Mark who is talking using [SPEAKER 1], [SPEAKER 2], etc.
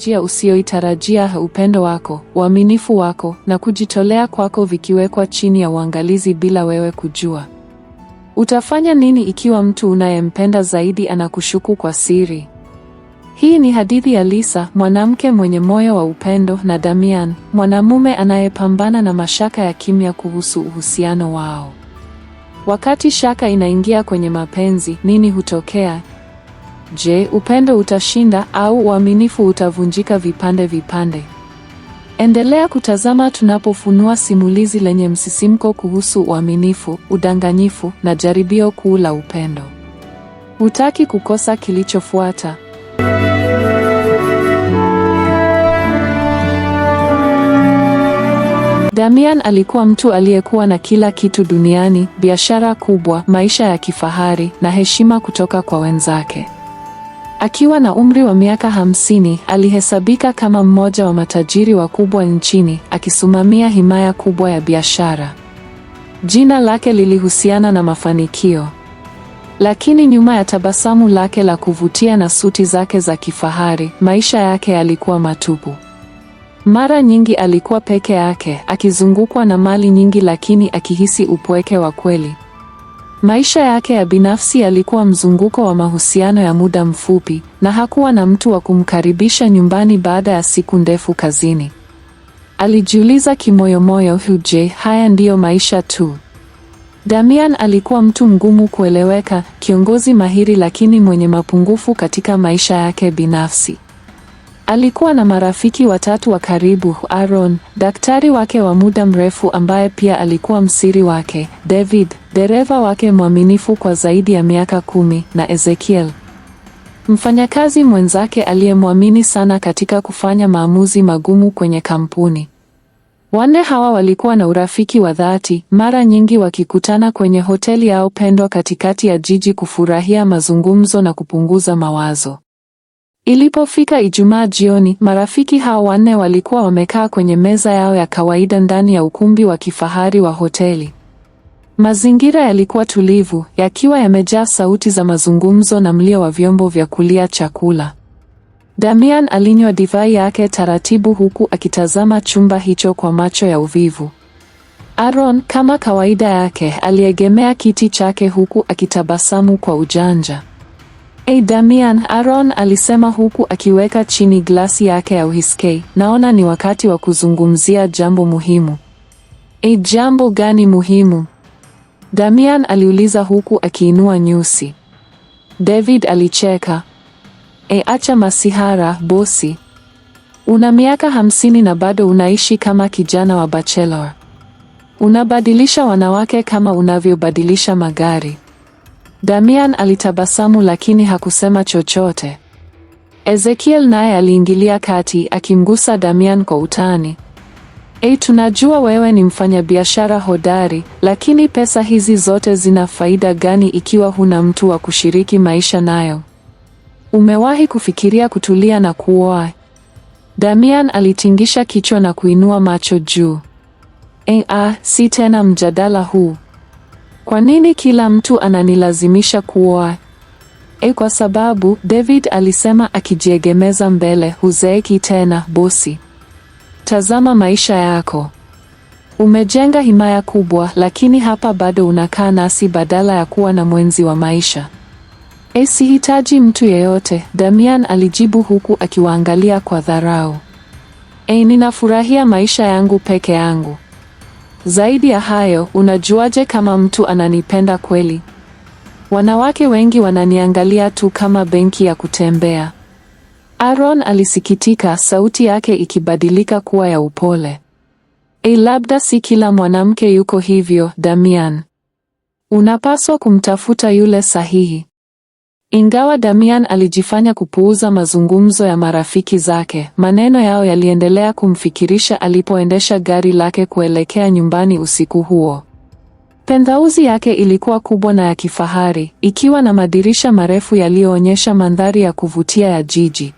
[SPEAKER 1] teknolojia usioitarajia upendo wako, uaminifu wako na kujitolea kwako vikiwekwa chini ya uangalizi bila wewe kujua. Utafanya nini ikiwa mtu unayempenda zaidi anakushuku kwa siri? Hii ni hadithi ya Lisa, mwanamke mwenye moyo wa upendo, na Damian, mwanamume anayepambana na mashaka ya kimya kuhusu uhusiano wao. Wakati shaka inaingia kwenye mapenzi, nini hutokea? Je, upendo utashinda au uaminifu utavunjika vipande vipande? Endelea kutazama tunapofunua simulizi lenye msisimko kuhusu uaminifu, udanganyifu na jaribio kuu la upendo. Hutaki kukosa kilichofuata. Damian alikuwa mtu aliyekuwa na kila kitu duniani, biashara kubwa, maisha ya kifahari na heshima kutoka kwa wenzake. Akiwa na umri wa miaka hamsini, alihesabika kama mmoja wa matajiri wakubwa nchini, akisimamia himaya kubwa ya biashara. Jina lake lilihusiana na mafanikio. Lakini nyuma ya tabasamu lake la kuvutia na suti zake za kifahari, maisha yake yalikuwa matupu. Mara nyingi alikuwa peke yake, akizungukwa na mali nyingi lakini akihisi upweke wa kweli. Maisha yake ya binafsi yalikuwa mzunguko wa mahusiano ya muda mfupi, na hakuwa na mtu wa kumkaribisha nyumbani baada ya siku ndefu kazini. Alijiuliza kimoyomoyo, huje, haya ndiyo maisha tu? Damian alikuwa mtu mgumu kueleweka, kiongozi mahiri lakini mwenye mapungufu katika maisha yake binafsi. Alikuwa na marafiki watatu wa karibu: Aaron, daktari wake wa muda mrefu ambaye pia alikuwa msiri wake, David, dereva wake mwaminifu kwa zaidi ya miaka kumi, na Ezekiel, mfanyakazi mwenzake aliyemwamini sana katika kufanya maamuzi magumu kwenye kampuni. Wanne hawa walikuwa na urafiki wa dhati, mara nyingi wakikutana kwenye hoteli yao pendwa katikati ya jiji kufurahia mazungumzo na kupunguza mawazo. Ilipofika Ijumaa jioni, marafiki hao wanne walikuwa wamekaa kwenye meza yao ya kawaida ndani ya ukumbi wa kifahari wa hoteli. Mazingira yalikuwa tulivu, yakiwa yamejaa sauti za mazungumzo na mlio wa vyombo vya kulia chakula. Damian alinywa divai yake taratibu huku akitazama chumba hicho kwa macho ya uvivu. Aaron kama kawaida yake aliegemea kiti chake huku akitabasamu kwa ujanja. Hey Damian, Aaron alisema huku akiweka chini glasi yake ya uhiskei. Naona ni wakati wa kuzungumzia jambo muhimu. Hey, jambo gani muhimu? Damian aliuliza huku akiinua nyusi. David alicheka. E, acha masihara bosi. Una miaka hamsini na bado unaishi kama kijana wa bachelor. Unabadilisha wanawake kama unavyobadilisha magari. Damian alitabasamu lakini hakusema chochote. Ezekiel naye aliingilia kati akimgusa Damian kwa utani. Ei, tunajua wewe ni mfanyabiashara hodari, lakini pesa hizi zote zina faida gani ikiwa huna mtu wa kushiriki maisha nayo? Umewahi kufikiria kutulia na kuoa? Damian alitingisha kichwa na kuinua macho juu. Eh, ah, si tena mjadala huu. Kwa nini kila mtu ananilazimisha kuoa? E, kwa sababu David alisema akijiegemeza mbele, huzeeki tena bosi. Tazama maisha yako. Umejenga himaya kubwa, lakini hapa bado unakaa nasi badala ya kuwa na mwenzi wa maisha. E, sihitaji mtu yeyote, Damian alijibu huku akiwaangalia kwa dharau. E, ninafurahia maisha yangu peke yangu. Zaidi ya hayo, unajuaje kama mtu ananipenda kweli? Wanawake wengi wananiangalia tu kama benki ya kutembea. Aaron alisikitika, sauti yake ikibadilika kuwa ya upole. E, labda si kila mwanamke yuko hivyo, Damian. Unapaswa kumtafuta yule sahihi. Ingawa Damian alijifanya kupuuza mazungumzo ya marafiki zake, maneno yao yaliendelea kumfikirisha alipoendesha gari lake kuelekea nyumbani usiku huo. Penthausi yake ilikuwa kubwa na ya kifahari, ikiwa na madirisha marefu yaliyoonyesha mandhari ya kuvutia ya jiji.